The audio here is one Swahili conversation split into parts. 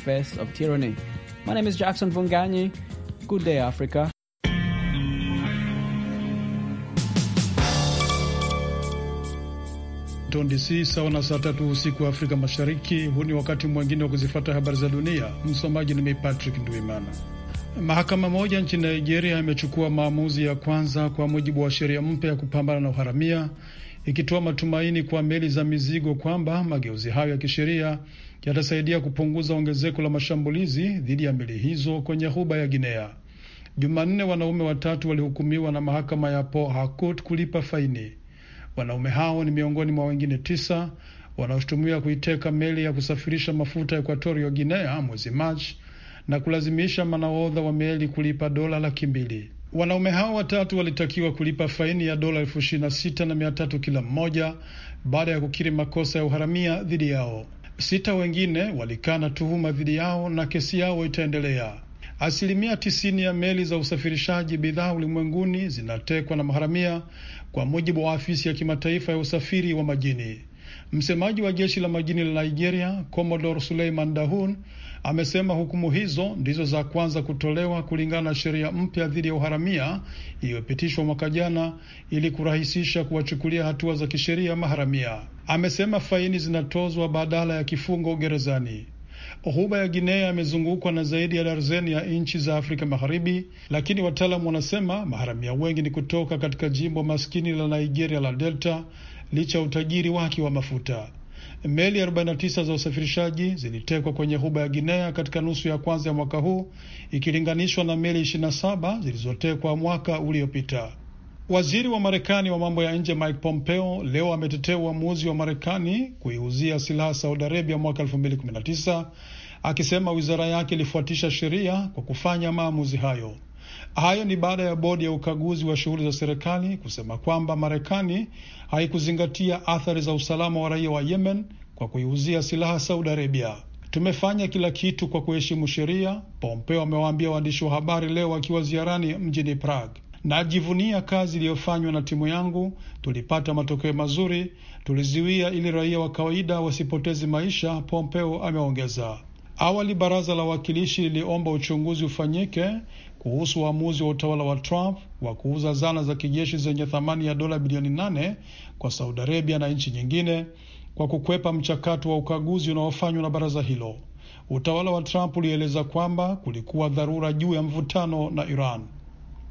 Face of Tyranny. My name is Jackson Vunganyi. Good day, Africa. DC sawa na saa tatu usiku wa Afrika Mashariki. Huu ni wakati mwingine wa kuzifata habari za dunia. Msomaji ni mimi Patrick Nduimana. Mahakama moja nchini Nigeria imechukua maamuzi ya kwanza kwa mujibu wa sheria mpya ya kupambana na uharamia, ikitoa matumaini kwa meli za mizigo kwamba mageuzi hayo ya kisheria yatasaidia kupunguza ongezeko la mashambulizi dhidi ya meli hizo kwenye ghuba ya Guinea. Jumanne, wanaume watatu walihukumiwa na mahakama ya Port Harcourt kulipa faini. Wanaume hao ni miongoni mwa wengine tisa wanaoshutumiwa kuiteka meli ya kusafirisha mafuta ya Ekuatorio Guinea mwezi Machi na kulazimisha manaodha wa meli kulipa dola laki mbili. Wanaume hao watatu walitakiwa kulipa faini ya dola elfu ishirini na sita na mia tatu kila mmoja baada ya kukiri makosa ya uharamia dhidi yao. Sita wengine walikana tuhuma dhidi yao na kesi yao itaendelea. Asilimia tisini ya meli za usafirishaji bidhaa ulimwenguni zinatekwa na maharamia, kwa mujibu wa afisi ya kimataifa ya usafiri wa majini. Msemaji wa jeshi la majini la Nigeria, Commodore Suleiman Dahun, amesema hukumu hizo ndizo za kwanza kutolewa kulingana na sheria mpya dhidi ya uharamia iliyopitishwa mwaka jana ili kurahisisha kuwachukulia hatua za kisheria maharamia. Amesema faini zinatozwa badala ya kifungo gerezani. Ghuba ya Guinea amezungukwa na zaidi ya darzeni ya nchi za Afrika Magharibi, lakini wataalamu wanasema maharamia wengi ni kutoka katika jimbo maskini la Nigeria la Delta licha ya utajiri wake wa mafuta. Meli 49 za usafirishaji zilitekwa kwenye huba ya Guinea katika nusu ya kwanza ya mwaka huu ikilinganishwa na meli 27 zilizotekwa mwaka uliopita. Waziri wa Marekani wa mambo ya nje Mike Pompeo leo ametetea uamuzi wa Marekani kuiuzia silaha Saudi Arabia mwaka 2019 akisema wizara yake ilifuatisha sheria kwa kufanya maamuzi hayo. Hayo ni baada ya bodi ya ukaguzi wa shughuli za serikali kusema kwamba Marekani haikuzingatia athari za usalama wa raia wa Yemen kwa kuiuzia silaha Saudi Arabia. Tumefanya kila kitu kwa kuheshimu sheria, Pompeo amewaambia waandishi wa habari leo akiwa ziarani mjini Prague. Najivunia kazi iliyofanywa na timu yangu. Tulipata matokeo mazuri, tulizuia ili raia wa kawaida wasipoteze maisha, Pompeo ameongeza. Awali baraza la wawakilishi liliomba uchunguzi ufanyike kuhusu uamuzi wa utawala wa Trump wa kuuza zana za kijeshi zenye thamani ya dola bilioni nane kwa Saudi Arabia na nchi nyingine kwa kukwepa mchakato wa ukaguzi unaofanywa na baraza hilo. Utawala wa Trump ulieleza kwamba kulikuwa dharura juu ya mvutano na Iran.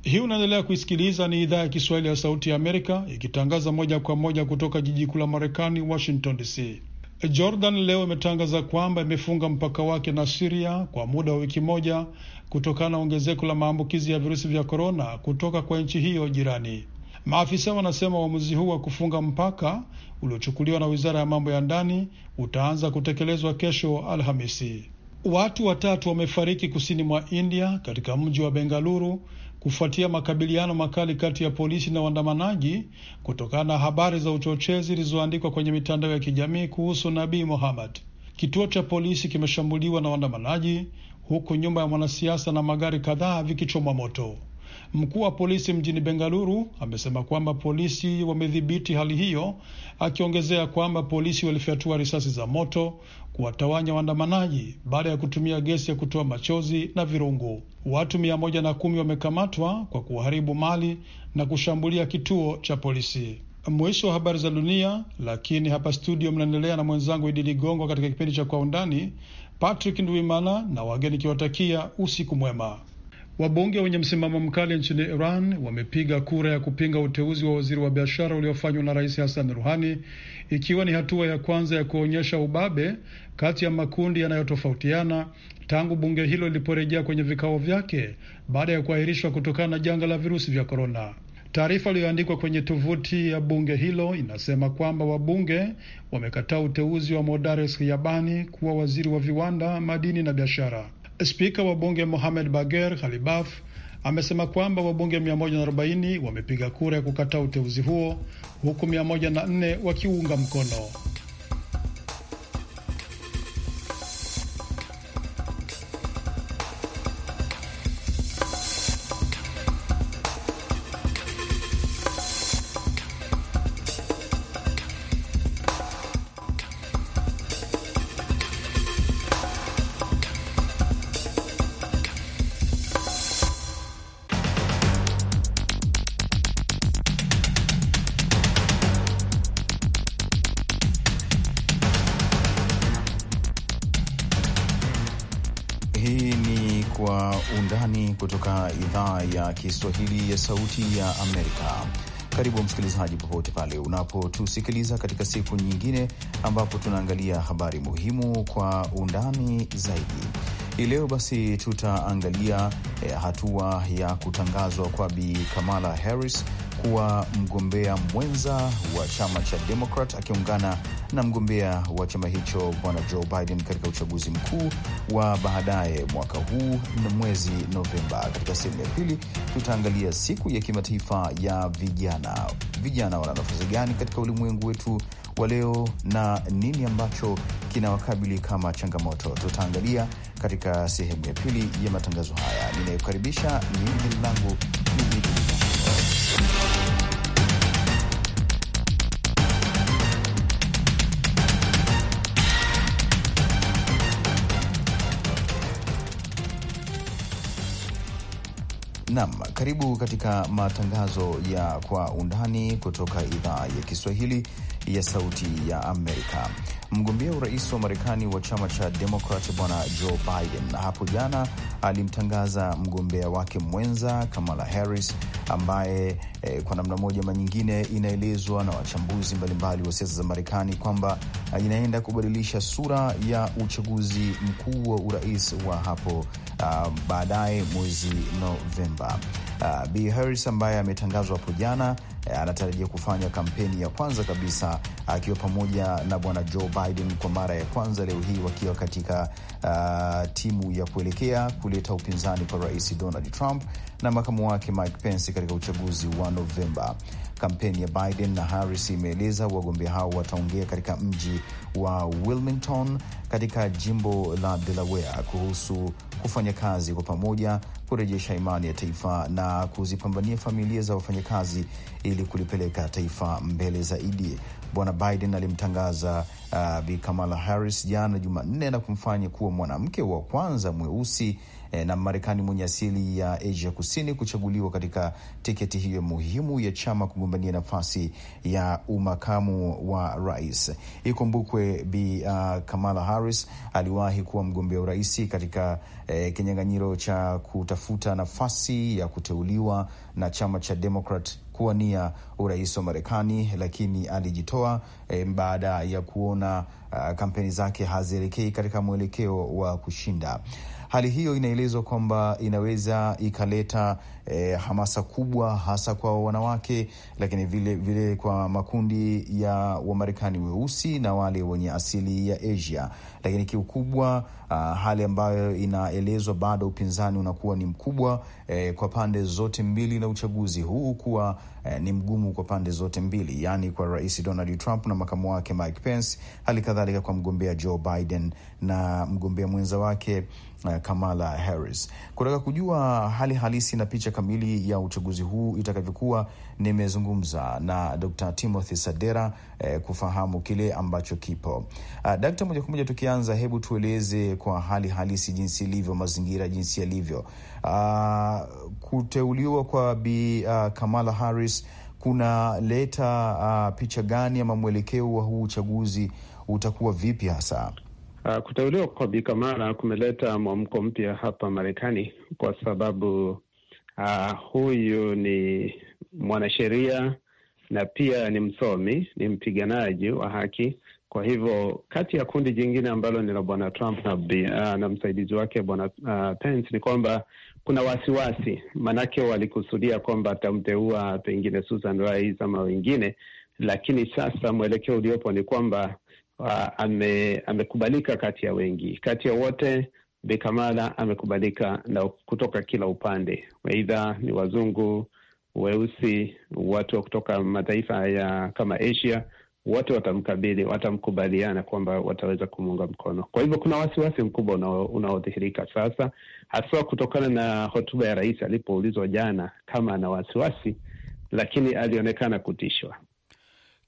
Hii unaendelea kuisikiliza, ni idhaa ya Kiswahili ya Sauti ya Amerika ikitangaza moja kwa moja kutoka jiji kuu la Marekani, Washington DC. Jordan leo imetangaza kwamba imefunga mpaka wake na Siria kwa muda wa wiki moja kutokana na ongezeko la maambukizi ya virusi vya korona kutoka kwa nchi hiyo jirani. Maafisa wanasema uamuzi huu wa kufunga mpaka uliochukuliwa na wizara ya mambo ya ndani utaanza kutekelezwa kesho Alhamisi. Watu watatu wamefariki kusini mwa India katika mji wa Bengaluru kufuatia makabiliano makali kati ya polisi na waandamanaji kutokana na habari za uchochezi zilizoandikwa kwenye mitandao ya kijamii kuhusu Nabii Muhammad. Kituo cha polisi kimeshambuliwa na waandamanaji huku nyumba ya mwanasiasa na magari kadhaa vikichomwa moto. Mkuu wa polisi mjini Bengaluru amesema kwamba polisi wamedhibiti hali hiyo, akiongezea kwamba polisi walifyatua risasi za moto kuwatawanya waandamanaji baada ya kutumia gesi ya kutoa machozi na virungu. Watu mia moja na kumi wamekamatwa kwa kuharibu mali na kushambulia kituo cha polisi. Mwisho wa habari za dunia, lakini hapa studio mnaendelea na mwenzangu Idi Ligongo katika kipindi cha Kwa Undani. Patrick Ndwimana na wageni kiwatakia usiku mwema. Wabunge wenye msimamo mkali nchini Iran wamepiga kura ya kupinga uteuzi wa waziri wa biashara uliofanywa na Rais Hassan Ruhani, ikiwa ni hatua ya kwanza ya kuonyesha ubabe kati ya makundi yanayotofautiana tangu bunge hilo liliporejea kwenye vikao vyake baada ya kuahirishwa kutokana na janga la virusi vya korona. Taarifa iliyoandikwa kwenye tovuti ya bunge hilo inasema kwamba wabunge wamekataa uteuzi wa Modares Yabani kuwa waziri wa viwanda, madini na biashara. Spika wa bunge Mohamed Bager Khalibaf amesema kwamba wabunge 140 wamepiga kura ya kukataa uteuzi huo huku 104 wakiunga mkono. Kiswahili ya Sauti ya Amerika. Karibu msikilizaji, popote pale unapotusikiliza katika siku nyingine ambapo tunaangalia habari muhimu kwa undani zaidi. Hii leo basi tutaangalia eh, hatua ya kutangazwa kwa Bi Kamala Harris kuwa mgombea mwenza wa chama cha Demokrat akiungana na mgombea wa chama hicho bwana Joe Biden katika uchaguzi mkuu wa baadaye mwaka huu na mwezi Novemba. Katika sehemu ya pili, tutaangalia siku ya kimataifa ya vijana. Vijana wana nafasi gani katika ulimwengu wetu wa leo na nini ambacho kinawakabili kama changamoto? Tutaangalia katika sehemu ya pili ya matangazo haya. Ninayokaribisha ni jina langu nam karibu katika matangazo ya kwa undani kutoka idhaa ya Kiswahili ya Sauti ya Amerika. Mgombea urais wa Marekani wa chama cha Demokrat Bwana Joe Biden hapo jana alimtangaza mgombea wake mwenza Kamala Harris ambaye eh, kwa namna moja ama nyingine inaelezwa na wachambuzi mbalimbali wa siasa za Marekani kwamba eh, inaenda kubadilisha sura ya uchaguzi mkuu wa urais wa hapo uh, baadaye mwezi Novemba. Uh, ah, B Harris ambaye ametangazwa hapo jana eh, anatarajia kufanya kampeni ya kwanza kabisa akiwa pamoja na bwana Joe Biden kwa mara ya kwanza leo hii wakiwa katika uh, timu ya kuelekea kuleta upinzani kwa rais Donald Trump na makamu wake Mike Pence katika uchaguzi wa Novemba. Kampeni ya Biden na Harris imeeleza wagombea hao wataongea katika mji wa Wilmington katika jimbo la Delaware kuhusu kufanya kazi kwa pamoja, kurejesha imani ya taifa na kuzipambania familia za wafanyakazi ili kulipeleka taifa mbele zaidi. Bwana Biden alimtangaza uh, Bi Kamala Harris jana Jumanne na kumfanya kuwa mwanamke wa kwanza mweusi eh, na Marekani mwenye asili ya Asia Kusini kuchaguliwa katika tiketi hiyo muhimu ya chama kugombania nafasi ya umakamu wa rais. Ikumbukwe Bi uh, Kamala Harris aliwahi kuwa mgombea urais katika eh, kinyang'anyiro cha kutafuta nafasi ya kuteuliwa na chama cha Democrat kuwania urais wa Marekani, lakini alijitoa e, baada ya kuona uh, kampeni zake hazielekei katika mwelekeo wa kushinda. Hali hiyo inaelezwa kwamba inaweza ikaleta e, hamasa kubwa hasa kwa wanawake, lakini vile vile kwa makundi ya Wamarekani weusi na wale wenye asili ya Asia lakini kiukubwa, uh, hali ambayo inaelezwa bado upinzani unakuwa ni mkubwa eh, kwa pande zote mbili, na uchaguzi huu kuwa eh, ni mgumu kwa pande zote mbili, yaani kwa Rais Donald Trump na makamu wake Mike Pence, hali kadhalika kwa mgombea Joe Biden na mgombea mwenza wake eh, Kamala Harris. Kutaka kujua hali halisi na picha kamili ya uchaguzi huu itakavyokuwa, nimezungumza na Dr. Timothy Sadera eh, kufahamu kile ambacho kipo. Uh, dakta, moja kwa moja tukia tukianza, hebu tueleze kwa hali halisi jinsi ilivyo, mazingira jinsi yalivyo. Uh, kuteuliwa kwa Bi uh, Kamala Harris kunaleta uh, picha gani ama mwelekeo wa huu uchaguzi utakuwa vipi hasa? Uh, kuteuliwa kwa Bi Kamala kumeleta mwamko mpya hapa Marekani kwa sababu uh, huyu ni mwanasheria na pia ni msomi, ni mpiganaji wa haki kwa hivyo kati ya kundi jingine ambalo ni la bwana Trump na, uh, na msaidizi wake bwana uh, Pence ni kwamba kuna wasiwasi, maanake walikusudia kwamba atamteua pengine Susan Rice ama wengine, lakini sasa mwelekeo uliopo ni kwamba uh, ame, amekubalika kati ya wengi, kati ya wote Bi Kamala amekubalika na kutoka kila upande, aidha ni wazungu, weusi, watu wa kutoka mataifa ya kama Asia wote watamkabili, watamkubaliana kwamba wataweza kumuunga mkono. Kwa hivyo kuna wasiwasi mkubwa unaodhihirika sasa, haswa kutokana na hotuba ya rais alipoulizwa jana kama ana wasiwasi, lakini alionekana kutishwa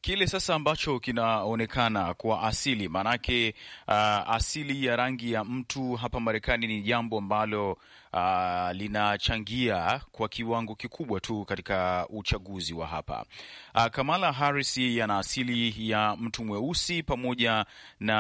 kile sasa ambacho kinaonekana kwa asili, maanake uh, asili ya rangi ya mtu hapa Marekani ni jambo ambalo Uh, linachangia kwa kiwango kikubwa tu katika uchaguzi wa hapa. Uh, Kamala Harris ana asili ya mtu mweusi pamoja na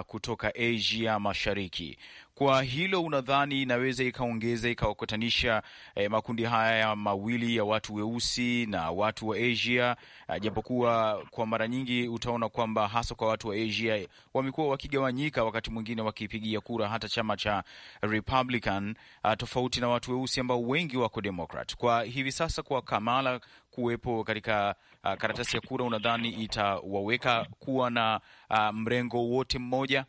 uh, kutoka Asia Mashariki. Kwa hilo unadhani inaweza ikaongeza ikawakutanisha eh, makundi haya mawili ya watu weusi na watu wa Asia ah, japokuwa kwa mara nyingi utaona kwamba hasa kwa watu wa Asia wamekuwa wakigawanyika, wakati mwingine wakipigia kura hata chama cha Republican a, ah, tofauti na watu weusi ambao wengi wako Democrat. Kwa hivi sasa kwa Kamala kuwepo katika ah, karatasi ya kura, unadhani itawaweka kuwa na a, mrengo wote mmoja?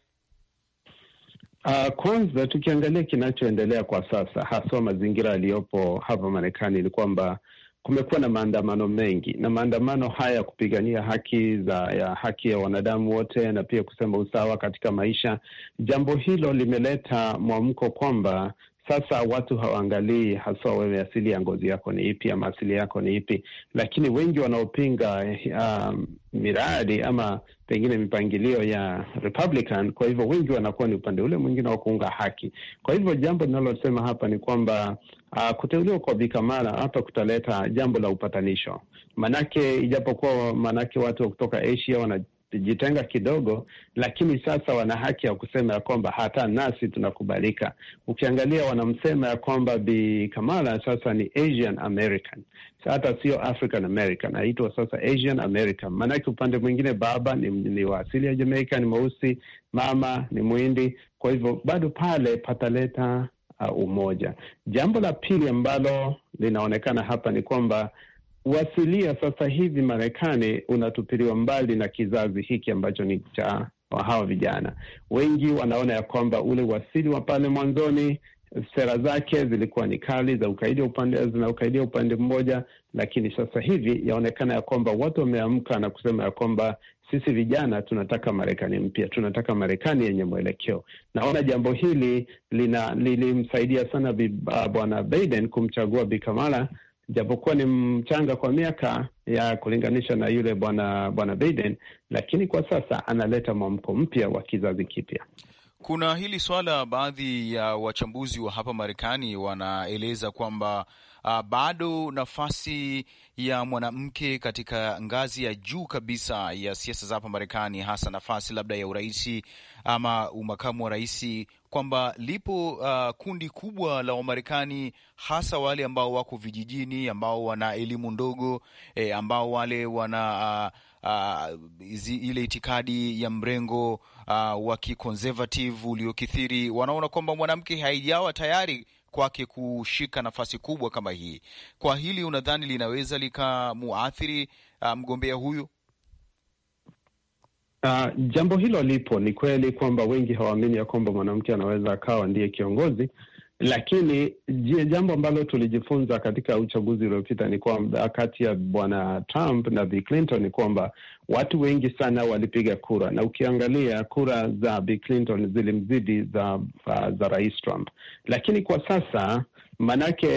Uh, kwanza tukiangalia kinachoendelea kwa sasa, haswa mazingira yaliyopo hapa Marekani, ni kwamba kumekuwa na maandamano mengi, na maandamano haya ya kupigania haki za ya haki ya wanadamu wote na pia kusema usawa katika maisha. Jambo hilo limeleta mwamko kwamba sasa watu hawaangalii haswa wewe asili ya ngozi yako ni ipi ama asili yako ni ipi, lakini wengi wanaopinga uh, miradi ama pengine mipangilio ya Republican, kwa hivyo wengi wanakuwa ni upande ule mwingine wa kuunga haki. Kwa hivyo jambo linalosema hapa ni kwamba uh, kuteuliwa kwa Bikamara hapa kutaleta jambo la upatanisho, manake ijapokuwa manake watu kutoka Asia wana kujitenga kidogo, lakini sasa wana haki ya kusema ya kwamba hata nasi tunakubalika. Ukiangalia wanamsema ya kwamba Bi Kamala sasa ni Asian American, hata sio African American, aitwa sasa Asian American. Maanake upande mwingine baba ni, ni wa asili ya Jamaica, ni mweusi, mama ni Mwindi. Kwa hivyo bado pale pataleta uh, umoja. Jambo la pili ambalo linaonekana hapa ni kwamba uasilia sasa hivi Marekani unatupiliwa mbali na kizazi hiki ambacho ni cha hawa vijana. Wengi wanaona ya kwamba ule uasili wa pale mwanzoni sera zake zilikuwa ni kali za ukaidia upande, zina ukaidia upande mmoja, lakini sasa hivi yaonekana ya kwamba watu wameamka na kusema ya kwamba sisi vijana tunataka Marekani mpya, tunataka Marekani yenye mwelekeo. Naona jambo hili lilimsaidia sana ah, Bwana Biden kumchagua Bi Kamala japokuwa ni mchanga kwa miaka ya kulinganisha na yule bwana bwana Biden, lakini kwa sasa analeta mwamko mpya wa kizazi kipya. Kuna hili swala, baadhi ya wachambuzi wa hapa Marekani wanaeleza kwamba uh, bado nafasi ya mwanamke katika ngazi ya juu kabisa ya siasa za hapa Marekani, hasa nafasi labda ya uraisi ama umakamu wa raisi, kwamba lipo uh, kundi kubwa la Wamarekani hasa wale ambao wako vijijini, ambao wana elimu ndogo eh, ambao wale wana uh, Uh, zi, ile itikadi ya mrengo uh, wa kiconservative uliokithiri wanaona kwamba mwanamke haijawa tayari kwake kushika nafasi kubwa kama hii. Kwa hili unadhani linaweza likamuathiri uh, mgombea huyu? Uh, jambo hilo lipo. Ni kweli kwamba wengi hawaamini ya kwamba mwanamke anaweza akawa ndiye kiongozi, lakini jambo ambalo tulijifunza katika uchaguzi uliopita ni kwamba kati ya bwana Trump na Bi Clinton ni kwamba watu wengi sana walipiga kura, na ukiangalia kura za Bi Clinton zilimzidi za, uh, za rais Trump. Lakini kwa sasa maanake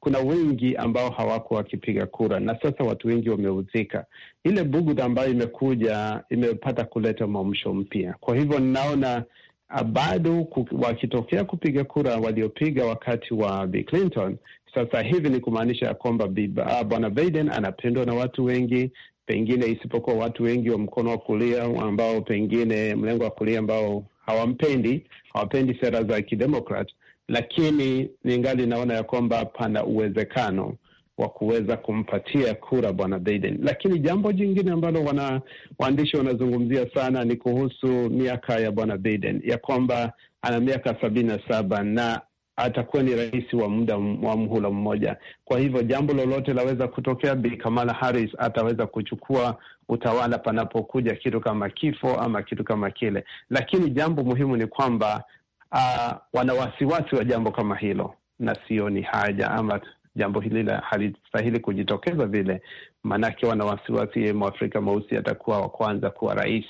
kuna wengi ambao hawakuwa wakipiga kura, na sasa watu wengi wameuzika. Ile bugudha ambayo imekuja imepata kuleta mwamsho mpya, kwa hivyo ninaona Ah, bado wakitokea kupiga kura waliopiga wakati wa Bi Clinton. Sasa hivi ni kumaanisha ya kwamba ah, bwana Biden anapendwa na watu wengi, pengine isipokuwa watu wengi wa mkono wa kulia ambao pengine mlengo wa kulia ambao hawampendi, hawapendi sera za kidemokrat, lakini ningali naona ya kwamba pana uwezekano wa kuweza kumpatia kura bwana Biden. Lakini jambo jingine ambalo wana, waandishi wanazungumzia sana ni kuhusu miaka ya bwana Biden, ya kwamba ana miaka sabini na saba na atakuwa ni rais wa muda wa mhula mmoja. Kwa hivyo jambo lolote laweza kutokea, Bi Kamala Harris ataweza kuchukua utawala panapokuja kitu kama kifo ama kitu kama kile. Lakini jambo muhimu ni kwamba uh, wana wasiwasi wa jambo kama hilo na sioni haja ama jambo hili halistahili kujitokeza vile, maanake wana wasiwasi eh, mwafrika mweusi atakuwa wa kwanza kuwa rais.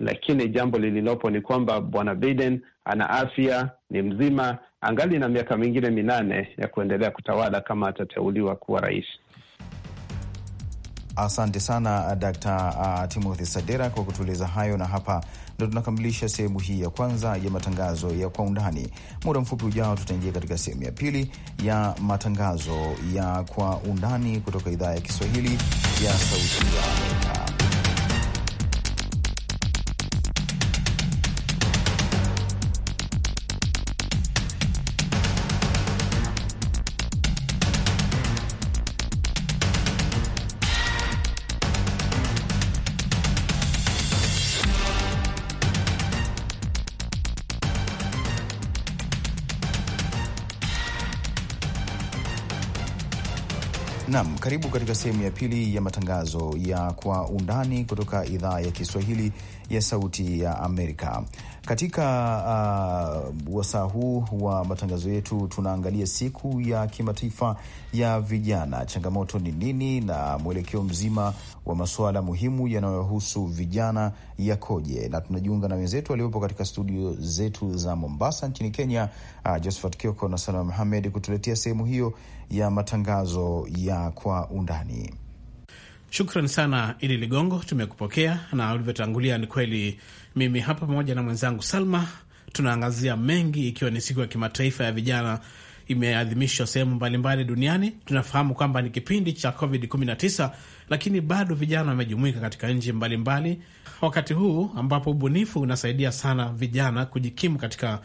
Lakini jambo lililopo ni kwamba bwana Biden ana afya, ni mzima, angali na miaka mingine minane ya kuendelea kutawala kama atateuliwa kuwa rais. Asante sana uh, dkt uh, Timothy Sadera kwa kutueleza hayo, na hapa ndo tunakamilisha sehemu hii ya kwanza ya matangazo ya kwa undani. Muda mfupi ujao, tutaingia katika sehemu ya pili ya matangazo ya kwa undani kutoka idhaa ya Kiswahili ya Sauti ya Amerika. Karibu katika sehemu ya pili ya matangazo ya Kwa Undani kutoka idhaa ya Kiswahili ya Sauti ya Amerika. Katika uh, wasaa huu wa matangazo yetu tunaangalia siku ya kimataifa ya vijana, changamoto ni nini na mwelekeo mzima wa masuala muhimu yanayohusu vijana yakoje, na tunajiunga na wenzetu waliopo katika studio zetu za Mombasa nchini Kenya, uh, Josephat Kioko na Salma Muhamed kutuletea sehemu hiyo ya matangazo ya kwa undani. Shukran sana Idi Ligongo, tumekupokea na ulivyotangulia, ni kweli mimi hapa pamoja na mwenzangu Salma tunaangazia mengi, ikiwa ni siku ya kimataifa ya vijana imeadhimishwa sehemu mbalimbali duniani. Tunafahamu kwamba ni kipindi cha COVID-19, lakini bado vijana wamejumuika katika nchi mbalimbali, wakati huu ambapo ubunifu unasaidia sana vijana kujikimu katika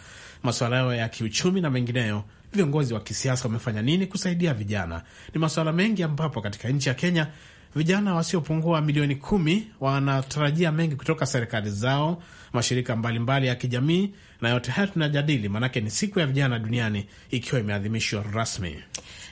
masuala yao ya kiuchumi na mengineyo. Viongozi wa kisiasa wamefanya nini kusaidia vijana? Ni masuala mengi, ambapo katika nchi ya Kenya vijana wasiopungua milioni kumi wanatarajia mengi kutoka serikali zao, mashirika mbalimbali mbali ya kijamii, na yote haya tunajadili, maanake ni siku ya vijana duniani ikiwa imeadhimishwa rasmi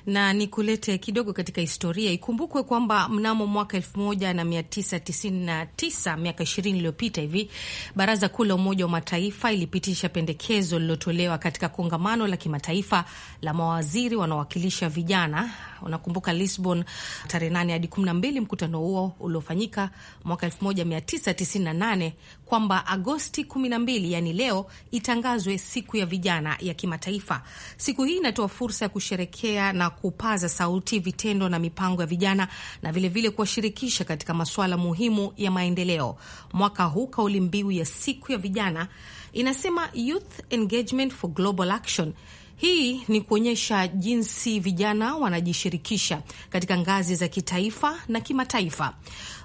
na ni kulete kidogo katika historia. Ikumbukwe kwamba mnamo mwaka 1999 miaka 20 iliyopita hivi, baraza kuu la Umoja wa Mataifa ilipitisha pendekezo lililotolewa katika kongamano la kimataifa la mawaziri wanaowakilisha vijana, unakumbuka Lisbon, tarehe 8 hadi 12, mkutano huo uliofanyika mwaka 1998 kwamba Agosti 12 yani leo itangazwe siku ya vijana ya kimataifa. Siku hii inatoa fursa ya kusherekea na kupaza sauti vitendo na mipango ya vijana na vilevile kuwashirikisha katika masuala muhimu ya maendeleo. Mwaka huu kauli mbiu ya siku ya vijana inasema Youth Engagement for Global Action hii ni kuonyesha jinsi vijana wanajishirikisha katika ngazi za kitaifa na kimataifa,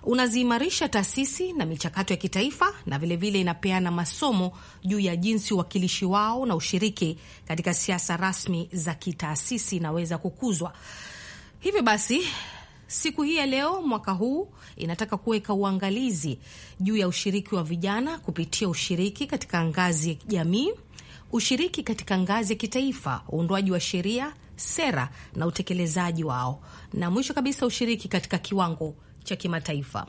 unaziimarisha taasisi na michakato ya kitaifa, na vilevile vile inapeana masomo juu ya jinsi uwakilishi wao na ushiriki katika siasa rasmi za kitaasisi inaweza kukuzwa. Hivyo basi siku hii ya leo mwaka huu inataka kuweka uangalizi juu ya ushiriki wa vijana kupitia ushiriki katika ngazi ya jamii ushiriki katika ngazi ya kitaifa, uundwaji wa sheria, sera na utekelezaji wao, na mwisho kabisa ushiriki katika kiwango cha kimataifa.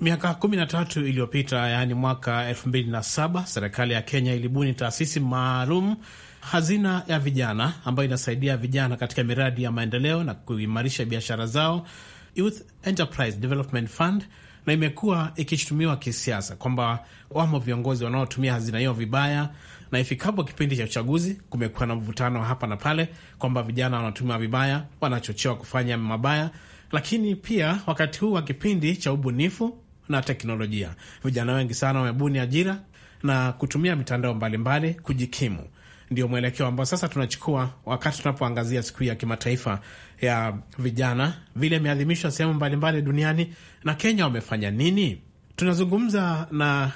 Miaka tatu iliyopita, yaani mwaka saba, serikali ya Kenya ilibuni taasisi maalum hazina ya vijana ambayo inasaidia vijana katika miradi ya maendeleo na kuimarisha biashara zao, Youth Enterprise Development Fund, na imekuwa ikishutumiwa kisiasa kwamba wamo viongozi wanaotumia hazina hiyo vibaya na ifikapo kipindi cha uchaguzi, kumekuwa na mvutano hapa na pale kwamba vijana wanatumia vibaya, wanachochewa kufanya mabaya, lakini pia wakati huu wa kipindi cha ubunifu na teknolojia, vijana wengi sana wamebuni ajira na kutumia mitandao mbalimbali kujikimu. Ndio mwelekeo ambao sasa tunachukua wakati tunapoangazia siku ya kimataifa ya vijana, vile imeadhimishwa sehemu mbalimbali duniani, na Kenya wamefanya nini? Tunazungumza na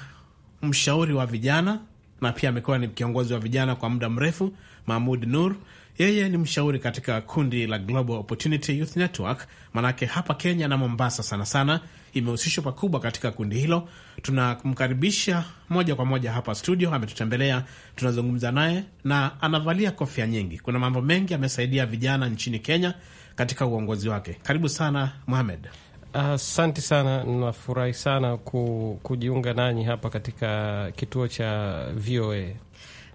mshauri wa vijana na pia amekuwa ni kiongozi wa vijana kwa muda mrefu. Mahmud Nur yeye ni mshauri katika kundi la Global Opportunity Youth Network, manake hapa Kenya na Mombasa sana sana imehusishwa pakubwa katika kundi hilo. Tunamkaribisha moja kwa moja hapa studio, ametutembelea, tunazungumza naye na anavalia kofia nyingi. Kuna mambo mengi amesaidia vijana nchini Kenya katika uongozi wake. Karibu sana Mohamed. Asante uh, sana. Nafurahi sana ku, kujiunga nanyi hapa katika kituo cha VOA.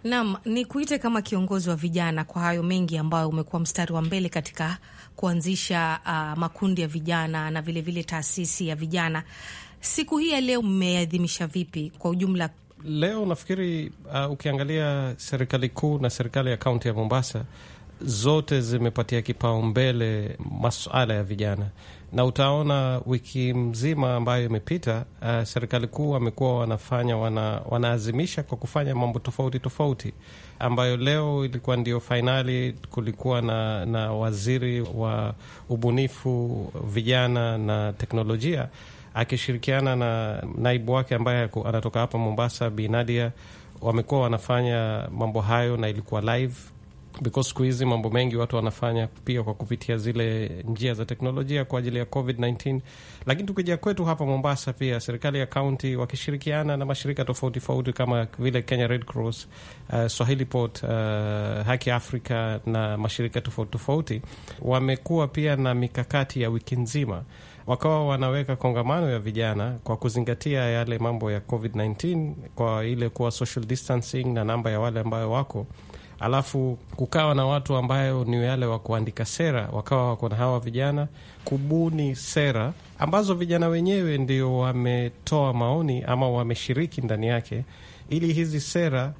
Naam, ni kuite kama kiongozi wa vijana kwa hayo mengi ambayo umekuwa mstari wa mbele katika kuanzisha uh, makundi ya vijana na vilevile vile taasisi ya vijana. Siku hii ya leo mmeadhimisha vipi kwa ujumla? Leo nafikiri uh, ukiangalia serikali kuu na serikali ya kaunti ya Mombasa zote zimepatia kipaumbele masuala ya vijana na utaona wiki mzima ambayo imepita, uh, serikali kuu wamekuwa wanafanya wana, wanaazimisha kwa kufanya mambo tofauti tofauti, ambayo leo ilikuwa ndio fainali. Kulikuwa na, na waziri wa ubunifu, vijana na teknolojia akishirikiana na naibu wake ambaye anatoka hapa Mombasa, binadia wamekuwa wanafanya mambo hayo na ilikuwa live because siku hizi mambo mengi watu wanafanya pia kwa kupitia zile njia za teknolojia kwa ajili ya COVID-19. Lakini tukija kwetu hapa Mombasa, pia serikali ya kaunti wakishirikiana na mashirika tofauti tofauti kama vile Kenya Red Cross, uh, Swahili Port, uh, Haki Africa na mashirika tofauti tofauti wamekuwa pia na mikakati ya wiki nzima wakawa wanaweka kongamano ya vijana kwa kuzingatia yale mambo ya COVID-19 kwa ile kuwa social distancing na namba ya wale ambayo wako alafu kukawa na watu ambayo ni wale wa kuandika sera, wakawa wako na hawa vijana kubuni sera ambazo vijana wenyewe ndio wametoa maoni ama wameshiriki ndani yake, ili hizi sera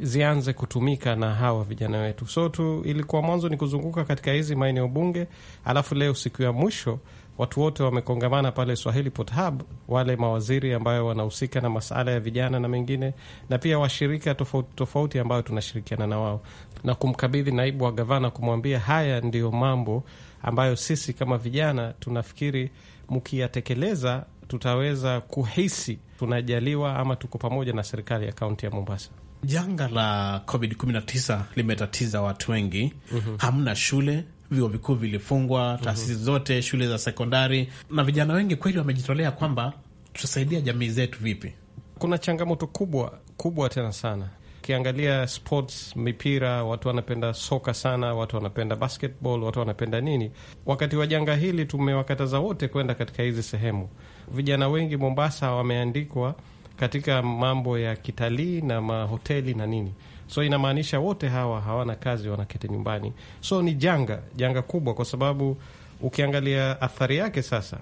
zianze kutumika na hawa vijana wetu. So tu ilikuwa mwanzo ni kuzunguka katika hizi maeneo bunge, alafu leo siku ya mwisho watu wote wamekongamana pale Swahili Pot Hub, wale mawaziri ambayo wanahusika na masala ya vijana na mengine, na pia washirika tofauti tofauti ambayo tunashirikiana na wao na kumkabidhi naibu wa gavana, kumwambia haya ndiyo mambo ambayo sisi kama vijana tunafikiri mkiyatekeleza tutaweza kuhisi tunajaliwa ama tuko pamoja na serikali ya kaunti ya Mombasa. Janga la COVID-19 limetatiza watu wengi, mm -hmm. Hamna shule vyuo vikuu vilifungwa, mhm. taasisi zote, shule za sekondari, na vijana wengi kweli wamejitolea kwamba tutasaidia jamii zetu vipi. Kuna changamoto kubwa kubwa tena sana Ukiangalia sports, mipira, watu wanapenda soka sana, watu wanapenda basketball, watu wanapenda nini. Wakati wa janga hili tumewakataza wote kwenda katika hizi sehemu. Vijana wengi Mombasa wameandikwa katika mambo ya kitalii na mahoteli na nini so inamaanisha wote hawa hawana kazi, wanaketi nyumbani. So ni janga, janga kubwa, kwa sababu ukiangalia athari yake sasa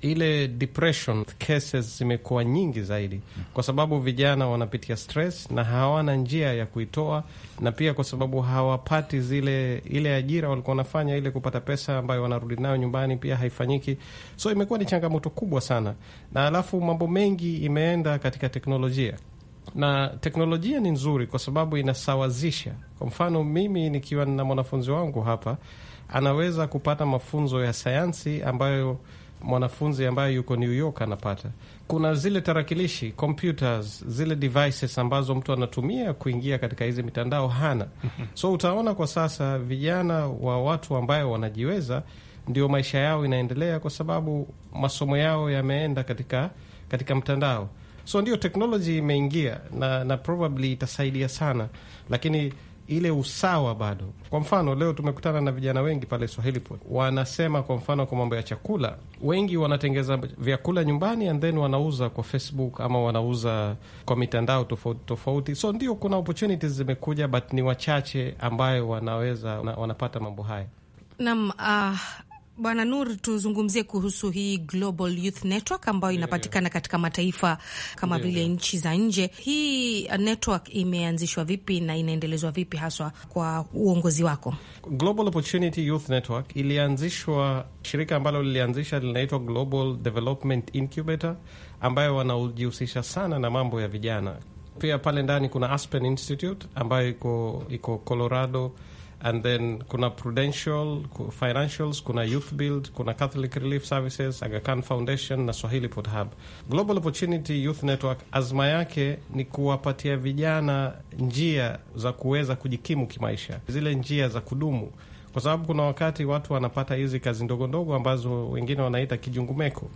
ile depression cases zimekuwa nyingi zaidi, kwa sababu vijana wanapitia stress na hawana njia ya kuitoa, na pia kwa sababu hawapati zile ile ajira walikuwa wanafanya, ile kupata pesa ambayo wanarudi nayo nyumbani pia haifanyiki. So imekuwa ni changamoto kubwa sana, na alafu mambo mengi imeenda katika teknolojia na teknolojia ni nzuri kwa sababu inasawazisha. Kwa mfano, mimi nikiwa na mwanafunzi wangu hapa, anaweza kupata mafunzo ya sayansi ambayo mwanafunzi ambaye yuko New York anapata. Kuna zile tarakilishi computers, zile devices ambazo mtu anatumia kuingia katika hizi mitandao hana. So utaona kwa sasa vijana wa watu ambayo wanajiweza ndio maisha yao inaendelea, kwa sababu masomo yao yameenda katika, katika mtandao. So ndio teknoloji imeingia na, na probably itasaidia sana, lakini ile usawa bado. Kwa mfano leo tumekutana na vijana wengi pale Swahili Pot, wanasema kwa mfano kwa mambo ya chakula, wengi wanatengeza vyakula nyumbani and then wanauza kwa Facebook ama wanauza kwa mitandao tofauti tofauti. So ndio kuna opportunities zimekuja, but ni wachache ambayo wanaweza wanapata mambo haya. Naam, uh, Bwana Nur, tuzungumzie kuhusu hii Global Youth Network ambayo inapatikana katika mataifa kama vile nchi za nje. Hii network imeanzishwa vipi na inaendelezwa vipi haswa kwa uongozi wako? Global Opportunity Youth Network ilianzishwa, shirika ambalo lilianzisha linaitwa Global Development Incubator, ambayo wanaojihusisha sana na mambo ya vijana. Pia pale ndani kuna Aspen Institute ambayo iko, iko Colorado and then kuna Prudential Financials, kuna Youth Build, kuna Catholic Relief Services, Aga Khan Foundation na Swahili Pot Hub. Global Opportunity Youth Network azma yake ni kuwapatia vijana njia za kuweza kujikimu kimaisha, zile njia za kudumu kwa sababu kuna wakati watu wanapata hizi kazi ndogo ndogo ambazo wengine wanaita kijungumeko,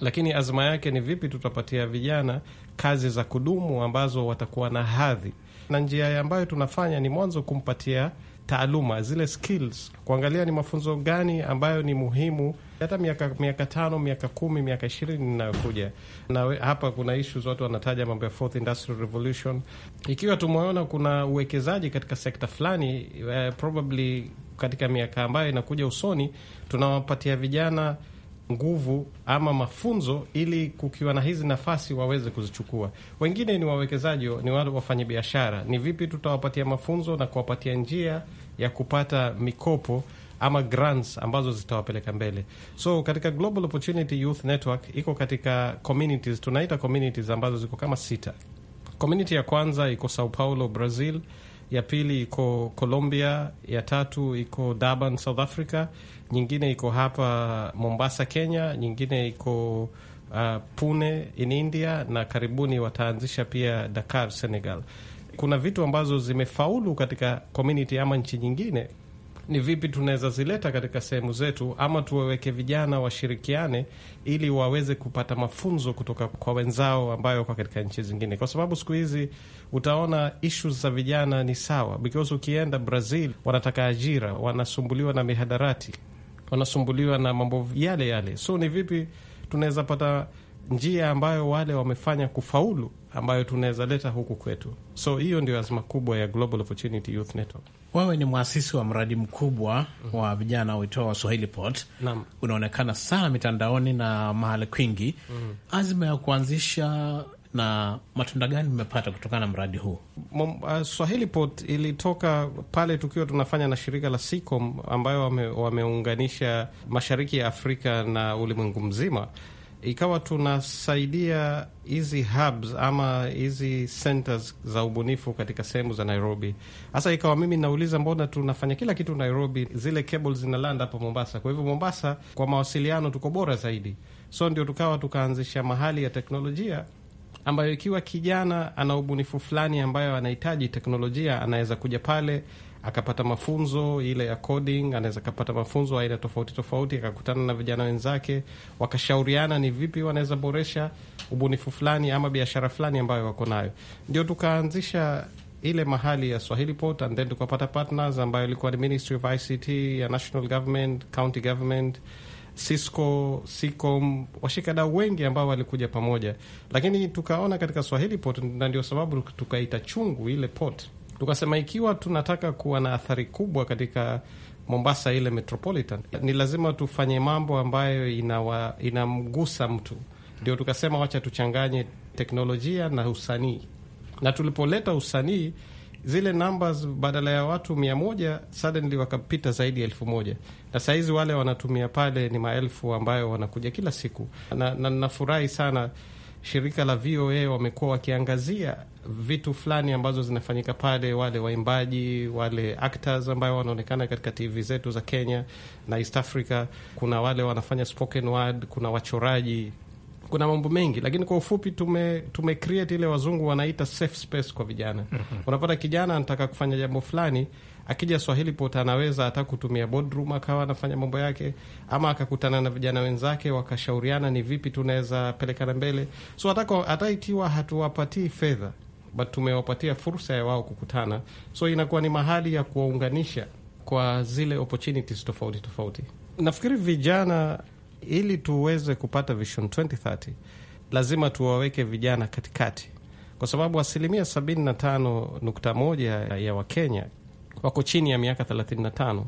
lakini azma yake ni vipi tutapatia vijana kazi za kudumu ambazo watakuwa na hadhi, na njia ambayo tunafanya ni mwanzo kumpatia taaluma zile skills, kuangalia ni mafunzo gani ambayo ni muhimu hata miaka miaka tano miaka kumi miaka ishirini inayokuja. Na hapa kuna issues watu wanataja mambo ya fourth industrial revolution. Ikiwa tumeona kuna uwekezaji katika sekta fulani, uh, probably katika miaka ambayo inakuja usoni, tunawapatia vijana nguvu ama mafunzo ili kukiwa na hizi nafasi waweze kuzichukua. Wengine ni wawekezaji, ni wale wafanya biashara. Ni vipi tutawapatia mafunzo na kuwapatia njia ya kupata mikopo ama grants ambazo zitawapeleka mbele. So katika Global Opportunity Youth Network iko katika communities, tunaita communities ambazo ziko kama sita. Community ya kwanza iko Sao Paulo, Brazil ya pili iko Colombia, ya tatu iko Durban, South Africa, nyingine iko hapa Mombasa, Kenya, nyingine iko uh, Pune in India, na karibuni wataanzisha pia Dakar, Senegal. Kuna vitu ambazo zimefaulu katika community ama nchi nyingine ni vipi tunaweza zileta katika sehemu zetu, ama tuwaweke vijana washirikiane ili waweze kupata mafunzo kutoka kwa wenzao ambayo kwa katika nchi zingine, kwa sababu siku hizi utaona issues za vijana ni sawa, because ukienda Brazil wanataka ajira, wanasumbuliwa na mihadarati, wanasumbuliwa na mambo yale yale. So ni vipi tunaweza pata njia ambayo wale wamefanya kufaulu ambayo tunaweza leta huku kwetu. So hiyo ndio azma kubwa ya Global Opportunity Youth Network. Wewe ni mwasisi wa mradi mkubwa wa vijana uitoa Swahili Pot, unaonekana sana mitandaoni na mahali kwingi. Mm. Azma ya kuanzisha na matunda gani mmepata kutokana na mradi huu? Uh, Swahili Pot ilitoka pale tukiwa tunafanya na shirika la SICOM ambayo wameunganisha wame mashariki ya Afrika na ulimwengu mzima ikawa tunasaidia hizi hubs ama hizi centers za ubunifu katika sehemu za Nairobi. Hasa ikawa mimi nauliza, mbona tunafanya kila kitu Nairobi, zile cables zinalanda hapo Mombasa? Kwa hivyo Mombasa kwa mawasiliano tuko bora zaidi, so ndio tukawa tukaanzisha mahali ya teknolojia ambayo ikiwa kijana ana ubunifu fulani ambayo anahitaji teknolojia, anaweza kuja pale akapata mafunzo ile ya coding, anaweza akapata mafunzo aina tofauti tofauti, akakutana na vijana wenzake, wakashauriana ni vipi wanaweza boresha ubunifu fulani ama biashara fulani ambayo wako nayo. Ndio tukaanzisha ile mahali ya Swahili Port and then tukapata partners ambayo ilikuwa ni Ministry of ICT ya National Government, County Government, Cisco, Sicom, washikadau wengi ambao walikuja pamoja, lakini tukaona katika Swahili Port, na ndio sababu tukaita chungu ile port tukasema ikiwa tunataka kuwa na athari kubwa katika Mombasa ile metropolitan, ni lazima tufanye mambo ambayo inawa, inamgusa mtu. Ndio tukasema wacha tuchanganye teknolojia na usanii, na tulipoleta usanii zile numbers badala ya watu mia moja suddenly wakapita zaidi ya elfu moja na sahizi wale wanatumia pale ni maelfu ambayo wanakuja kila siku, na nafurahi na sana shirika la VOA wamekuwa wakiangazia vitu fulani ambazo zinafanyika pale, wale waimbaji, wale actors ambayo wanaonekana katika TV zetu za Kenya na East Africa. Kuna wale wanafanya spoken word, kuna wachoraji, kuna mambo mengi, lakini kwa ufupi tume, tume create ile wazungu wanaita safe space kwa vijana. Mm-hmm. Unapata kijana anataka kufanya jambo fulani akija Swahili Pot anaweza hata kutumia boardroom akawa anafanya mambo yake, ama akakutana na vijana wenzake wakashauriana ni vipi tunaweza pelekana mbele. So atako hata ikiwa hatuwapatii fedha but tumewapatia fursa ya wao kukutana, so inakuwa ni mahali ya kuwaunganisha kwa zile opportunities tofauti tofauti. Nafikiri vijana, ili tuweze kupata Vision 2030 lazima tuwaweke vijana katikati, kwa sababu asilimia 75.1 ya Wakenya wako chini ya miaka 35.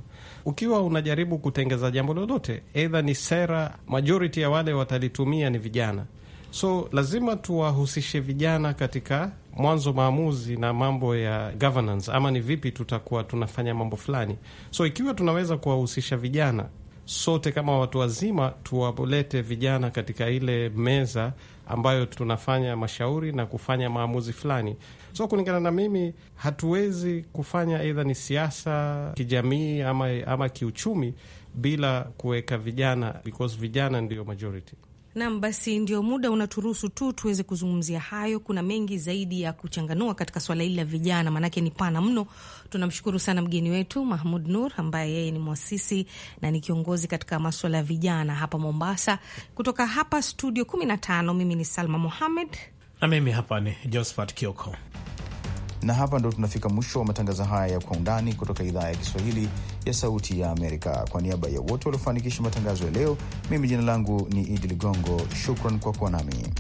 Ukiwa unajaribu kutengeza jambo lolote, eidha ni sera, majority ya wale watalitumia ni vijana, so lazima tuwahusishe vijana katika mwanzo maamuzi na mambo ya governance, ama ni vipi tutakuwa tunafanya mambo fulani. So ikiwa tunaweza kuwahusisha vijana sote kama watu wazima, tuwalete vijana katika ile meza ambayo tunafanya mashauri na kufanya maamuzi fulani, So kulingana na mimi, hatuwezi kufanya aidha ni siasa kijamii ama, ama kiuchumi bila kuweka vijana, because vijana ndiyo majority. Nam, basi ndio muda unaturuhusu tu tuweze kuzungumzia hayo. Kuna mengi zaidi ya kuchanganua katika swala hili la vijana, maanake ni pana mno. Tunamshukuru sana mgeni wetu Mahmud Nur ambaye yeye ni mwasisi na ni kiongozi katika maswala ya vijana hapa Mombasa. Kutoka hapa studio 15 mimi ni Salma Mohamed na mimi hapa ni Josphat Kioko. Na hapa ndo tunafika mwisho wa matangazo haya ya kwa undani kutoka idhaa ya Kiswahili ya Sauti ya Amerika. Kwa niaba ya wote waliofanikisha matangazo ya leo, mimi jina langu ni Idi Ligongo. Shukran kwa kuwa nami.